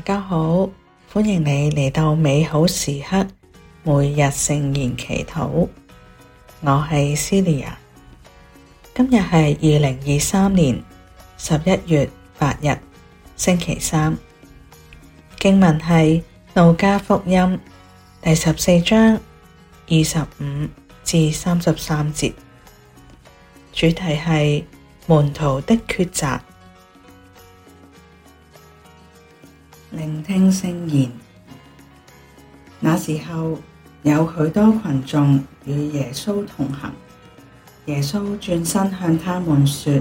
大家好，歡迎你嚟到美好時刻每日聖言祈禱。我係 Celia，今日係二零二三年十一月八日星期三。經文係路加福音第十四章二十五至三十三節，主題係門徒的抉擇。聆聽聖言。那時候有許多群眾與耶穌同行。耶穌轉身向他們說：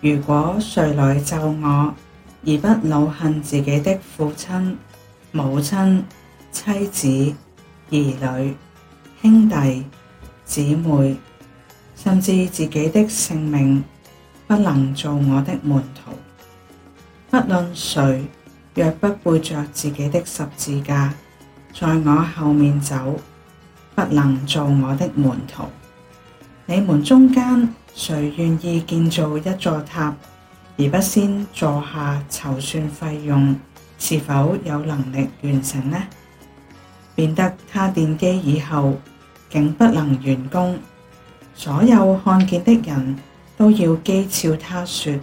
如果誰來就我，而不惱恨自己的父親、母親、妻子、兒女、兄弟、姊妹，甚至自己的性命，不能做我的門徒，不論誰，若不背着自己的十字架，在我後面走，不能做我的門徒。你們中間誰願意建造一座塔，而不先坐下籌算費用，是否有能力完成呢？免得他奠基以後，竟不能完工。所有看見的人都要譏誚，他說：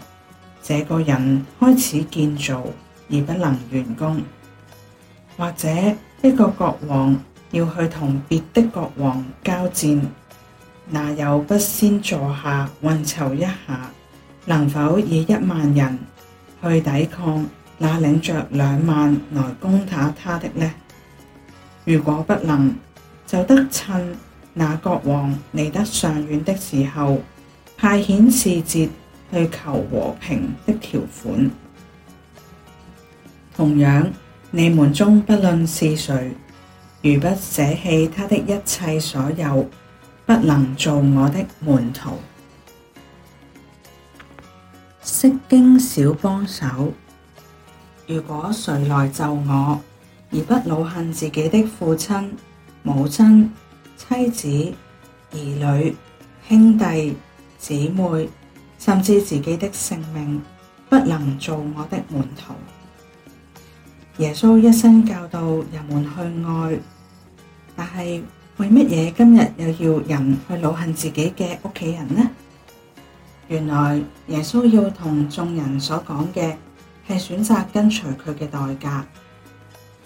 這個人開始建造。而不能完工。或者一個國王要去同別的國王交戰，那有不先坐下運籌一下，能否以一萬人去抵抗那領着兩萬來攻打他的呢？如果不能，就得趁那國王離得尚遠的時候，派遣使節去求和平的條款。同樣，你們中不論是誰，如不捨棄他的一切所有，不能做我的門徒。釋經小幫手，如果誰來就我，而不惱恨自己的父親、母親、妻子、兒女、兄弟、姊妹，甚至自己的性命，不能做我的門徒。耶穌一生教導人們去愛，但係為乜嘢今日又要人去惱恨自己嘅屋企人呢？原來耶穌要同眾人所講嘅係選擇跟隨佢嘅代價。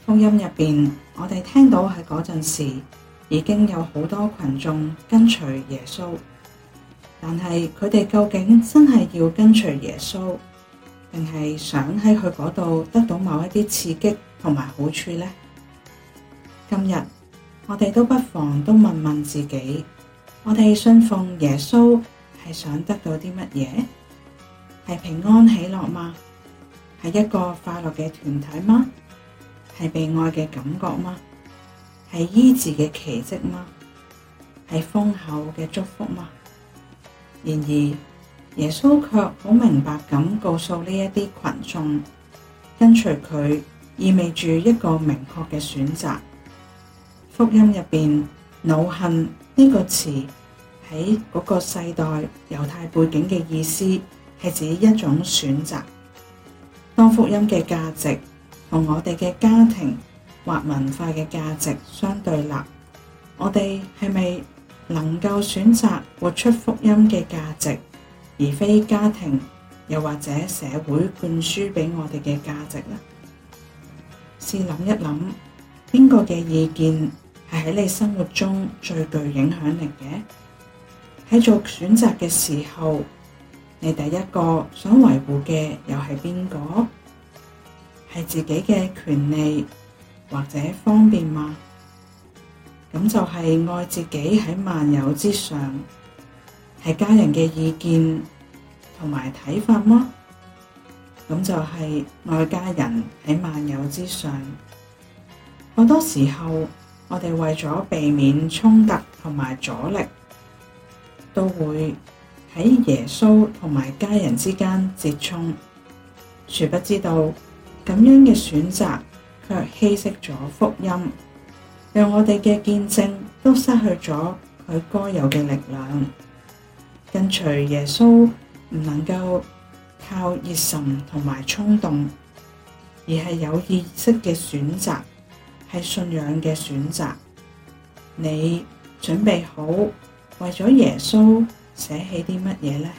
福音入邊，我哋聽到喺嗰陣時已經有好多群眾跟隨耶穌，但係佢哋究竟真係要跟隨耶穌？定係想喺佢嗰度得到某一啲刺激同埋好處呢？今日我哋都不妨都問問自己，我哋信奉耶穌係想得到啲乜嘢？係平安喜樂嗎？係一個快樂嘅團體嗎？係被愛嘅感覺嗎？係醫治嘅奇蹟嗎？係豐厚嘅祝福嗎？然而，耶穌卻好明白咁，告訴呢一啲群眾，跟隨佢意味住一個明確嘅選擇。福音入邊，惱恨呢個詞喺嗰個世代猶太背景嘅意思係指一種選擇。當福音嘅價值同我哋嘅家庭或文化嘅價值相對立，我哋係咪能夠選擇活出福音嘅價值，而非家庭，又或者社會灌輸俾我哋嘅價值咧，試諗一諗，邊個嘅意見係喺你生活中最具影響力嘅？喺做選擇嘅時候，你第一個想維護嘅又係邊個？係自己嘅權利或者方便嗎？咁就係愛自己喺萬有之上。係家人嘅意見同埋睇法麼？咁就係愛家人喺萬有之上。好多時候，我哋為咗避免衝突同埋阻力，都會喺耶穌同埋家人之間折衷，殊不知道咁樣嘅選擇卻稀釋咗福音，讓我哋嘅見證都失去咗佢該有嘅力量。跟隨耶穌唔能夠靠熱忱同埋衝動，而係有意識嘅選擇，係信仰嘅選擇。你準備好為咗耶穌捨棄啲乜嘢呢？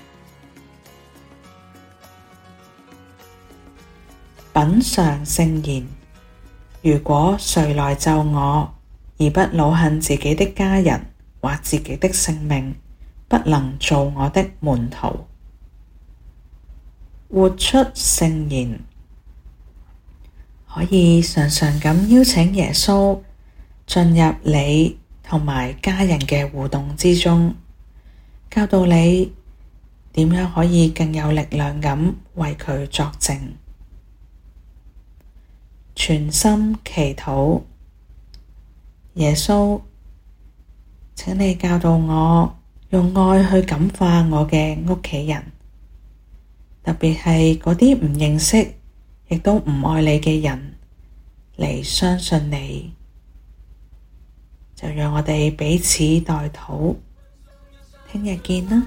品嘗聖言。如果誰來就我，而不惱恨自己的家人或自己的性命，不能做我的門徒。活出聖言，可以常常咁邀請耶穌進入你同埋家人嘅互動之中，教導你點樣可以更有力量咁為佢作證。全心祈禱，耶穌，請你教導我。用愛去感化我嘅屋企人，特別係嗰啲唔認識亦都唔愛你嘅人嚟相信你，就讓我哋彼此代禱，聽日見啦。